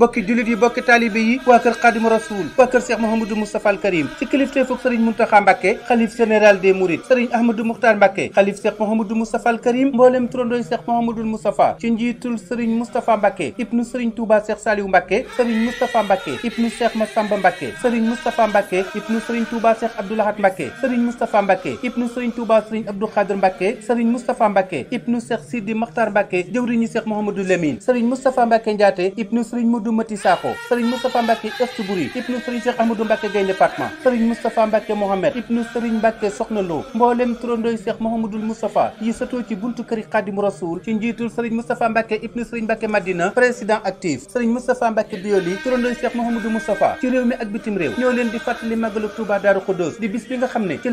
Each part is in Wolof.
bokki jullit yi bokki taalibé yi waa kër xadim rasoul waa kër cheikh mouhamadou moustapha al karim ci kilifte foog sëriñ muntaxa mbàkke xalif général des mourides sëriñ ahmadou muxtaar mbàkke xalif cheikh mouhamadou moustapha al karim mboolem turandooy cheikh mouhamadou moustapha ci njiitul sëriñ moustapha mbàkke ibnu sëriñ touba cheikh saliou mbàkke sëriñ moustapha mbàkke ibnu cheikh masamba mbàkke sëriñ moustapha mbàkke ibnu sëriñ touba cheikh abdoulahat mbàkke sëriñ moustapha mbàkke ibnu sëriñ touba sëriñ abdou xadir mbàkke sëriñ moustapha mbàkke ibnu cheikh sidi maxtaar mbàkke jëwriñu cheikh mouhamadou lamine sëriñ moustapha mbàkke njaate ibnu sëriñ Amadou Mati Sakho Serigne Moustapha Mbacke Est Bouri ibnu Serigne Gaynde Fatma Serigne Moustapha Mbacke Mohamed ibnu Serigne Mbacke Soxna Lo mboolem turandooy Cheikh Mouhamadoul yi satoo ci buntu këri Xaadimu Rasuul ci njiitul Serigne Moustapha Mbacke ibnu Serigne Mbacke Madina président actif Serigne Moustapha Mbacke Bioli turandooy Cheikh Mouhamadoul Moustapha ci réew mi ak bitim réew ñoo leen di fàttali màggalu Touba Daaru Xudoos di bis bi nga xam ne ci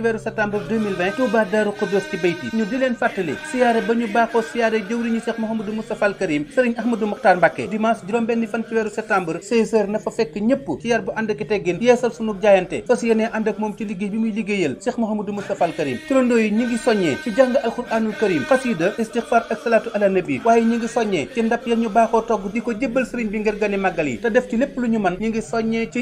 la septembre 2020 Touba Daaru Xuddoos ci bayti ñu di leen fàttali siyaare ba ñu baaxoo siyaare jëwriñu Cheikh Mouhamadou Moustapha Al Karim Serigne Ahmadou Mokhtar Mbacké dimanche juróom-benn fan ci weeru na fa fekk ñëpp ci bu ànd ak teggin yeesal sunu jaayante fas yéene ànd ak moom ci liggéey bi muy liggéeyal Cheikh Mouhamadou Moustapha Karim turandoo yi ñi ngi soññee ci jàng alxuraanul karim xasiida istixfar ak salaatu ala waaye ñu ko jébbal sëriñ bi ngir gani ngi soññee ci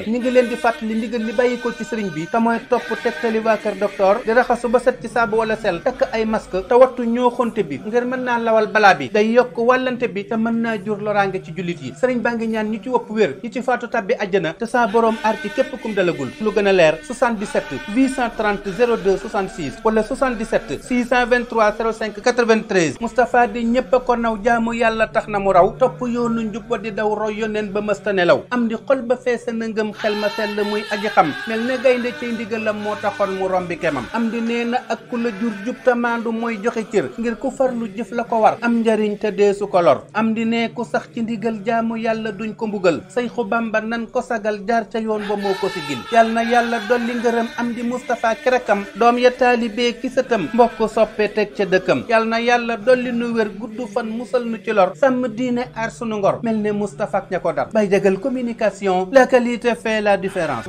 ñeel ñu ngi leen di fàttali ndigal li bàyyi ko ci sëriñ bi te mooy topp tegtali waa kër di raxasu ba set ci saabu wala sel takk ay masque te wattu ñoo xonte bi ngir mën naa lawal balaa bi day yokk wàllante bi te mën naa jur loraange ci jullit yi sëriñ baa ngi ñaan ñu ci wopp wér ñi ci faatu tabbi àjjana te saa boroom aar ci képp kum dalagul lu gën a leer 77 830 02 66 wala 77 623 05 93 Moustapha di ñépp a ko naw jaamu yàlla tax na mu raw topp yoonu njub wa di daw roy ba mësta nelaw mum xel ma sell muy aji xam mel ne gaynde cay ndigalam moo taxoon mu rombi kemam am di nee na ak ku la jur jub te maandu mooy joxe cër ngir ku farlu jëf la ko war am njariñ te deesu ko lor am di nee ku sax ci ndigal jaamu yàlla duñ ko mbugal sayxu bamba nan ko sagal jaar ca yoon ba moo ko si gil yal na yàlla dolli ngërëm am di moustapha kerekam doom ya taalibee ki sëtam mbokk soppe teg ca dëkkam yal na yàlla dolli nu wér gudd fan musal nu ci lor sàmm diin aar sunu ngor mel ne moustapha ak fait la différence.